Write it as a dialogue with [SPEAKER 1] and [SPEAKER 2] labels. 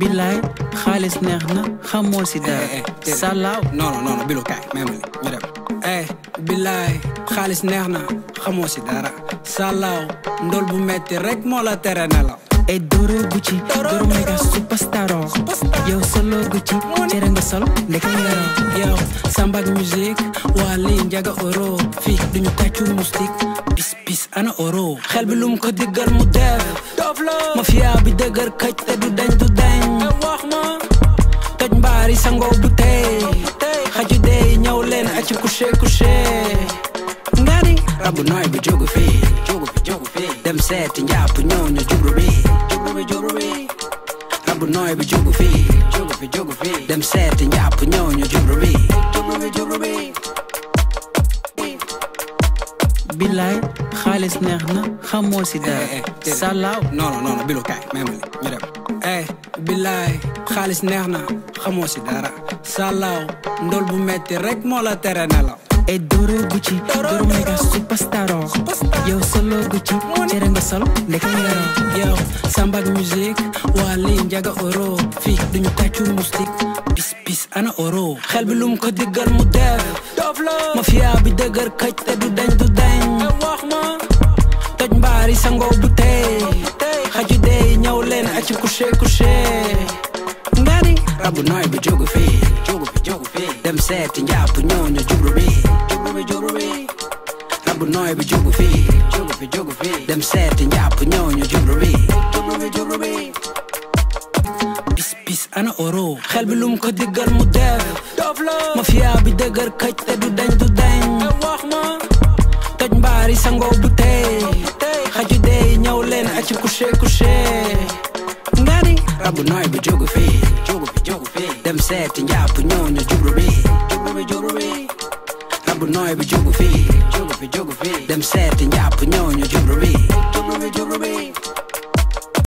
[SPEAKER 1] bilaay xaalis neex na xamoo si dara. Eh, eh, eh, salaaw non bu metti rek moola la tere ne et doro Gucci doro mega superstaro yow solo Gucci nga sol ndeke ngaro yow sambak musique waa duñu tàccu moustique bis bis ana oro xel bi lum ko diggal mu def. dof la bi dëgër këj te du dañ bay sangoo bu tey xaju dee ñëw leen aci couché couché nga ni rabu nooy bi jógu fi jógu fi jógu fi dem seeti rabu nooy bi jógu fi jógu fi jógu fi dem seeti njàpp ñëw ñu jublu bi jublu bi xaalis neex na xamoo si dara eh, eh, salaaw non non bilu kaay may ma ñu dem billaay xaalis neex na xamoo si dara salaaw ndol bu metti rek moo la tere nelaw e doro Gucci doro mega superstaro yow solo Gucci cere nga sol ndeke ngaro yow sambak musique waa lii njaga oro Fi duñu tàccu moustique bis bis ana oro xel bi lum ko diggal mu def mafia bi dëgër këj te du dañ du dañ wax ma toj mbaari sangoo bu tey xaju dey ñëw leen aci couché couché kabunoy be jogu fi, jogu fi, jogu fi. dem set ya punyonyo jubrubi jubrubi jubrubi kabunoy be jogu fi, jogu fi, jogu fi. dem set ya punyonyo jubrubi jubrubi jubrubi بس بس انا اورو خلبي لوم كو ديغال مداف ما فيها بدغر كاج تدو دان دو دان تاج مباري سانغو بوتي خاجي داي نيو لين اتش كوشي كوشي ngani rabu noy bi msete njapunyonya jurubi rabunoye bijuguvi demsete your jewelry.